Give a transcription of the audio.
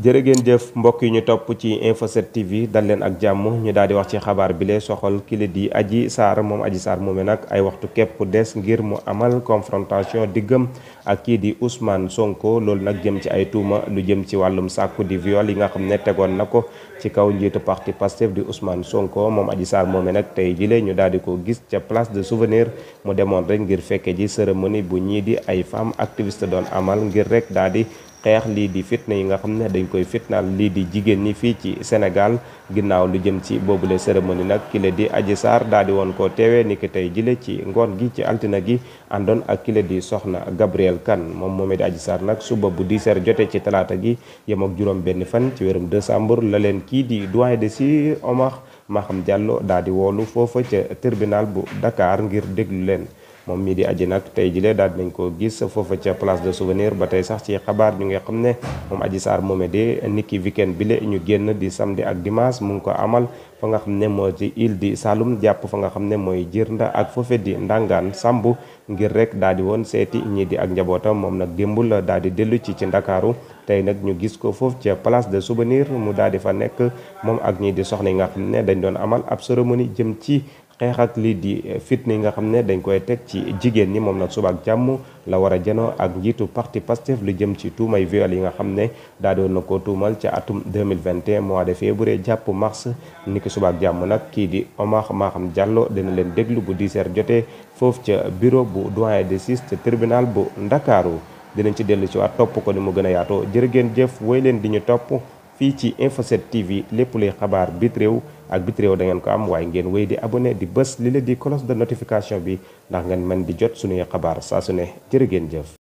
jërë jëf mbokk yi ñu topp ci Info 7 TV dal leen ak jàmm ñu daal di wax ci xabaar bi lee soxal kile di Adji Sarr moom Adji saar moomee nag ay waxtu képp des ngir mu amal confrontation diggam ak kii di Ousmane Sonko loolu nag jëm ci ay tuuma lu jëm ci wàllum sàkku di viol yi nga xam ne tegoon na ko ci kaw njiitu parti Pastef di Ousmane Sonko moom Adji Sarr moomee nag tey jile ñu daal di ko gis ca place de souvenir mu demoon rek ngir fekke ji cérémonie bu ñii di ay femmes activistes doon amal ngir rek daal di xeex lii di fitna yi nga xam ne dañ koy fitnaal lii di jigéen ñi fii ci Sénégal ginnaaw lu jëm ci boobu boobule cérémonie nag kile di Adji saar daal di woon koo teewee niki tey jile ci ngoon gi ci altina gi àndoon ak kile di soxna Gabriel Kane moom moomee di Adji Sarr nag suba bu 10 jote ci talaata gi yem ak juróom benn fan ci wérum décembre la leen kii di doyen de si Omar Maham daal di woolu foofa ca tribunal bu Dakar ngir déglu leen moom mii di aji nag tey jilee daal dinañ ko gis foofa ca place de souvenir ba tey sax ci xabaar ñu nga xam ne moom aji saar moome de niki weekend bi ñu génn di samedi ak dimanche mu ngi ko amal fa nga xam ne moo ci île di jàpp fa nga xam ne mooy Jirnda ak foofe di Ndangaan Samb ngir rek daal di woon seeti ñii di ak njabootam moom nag démbul daal di dellu ci ci Ndakaaru tey nag ñu gis ko foofu ca place de souvenir mu daal di fa nekk moom ak ñii di soxna yi nga xam ne dañ doon amal ab cérémonie jëm ci xeex ak lii di fitna yi nga xam ne dañ koy teg ci jigéen ñi moom nag suba ak jàmm la war a jeno ak njiitu parti Pastef lu jëm ci tuumay viol yi nga xam ne daa doon na ko tuumal ca atum 2021 mois de février jàpp mars ni ki suba ak jàmm nag kii di Omar Maham Diallo dina leen déglu bu 10 heures jotee foofu ca bureau bu doyen des juges ca tribunal bu Ndakaaru dinañ ci dellu ci waat topp ko ni mu gën a yaatoo jër ngeen jëf woy leen di ñu topp fii ci Info 7 TV lépp luy xabaar bit réew ak biti réew da ngeen ko am waaye ngeen wéy di abonné di bës li la di cloche de notification bi ndax ngeen mën di jot suñuy xabaar saa su ne jërë ngeen jëf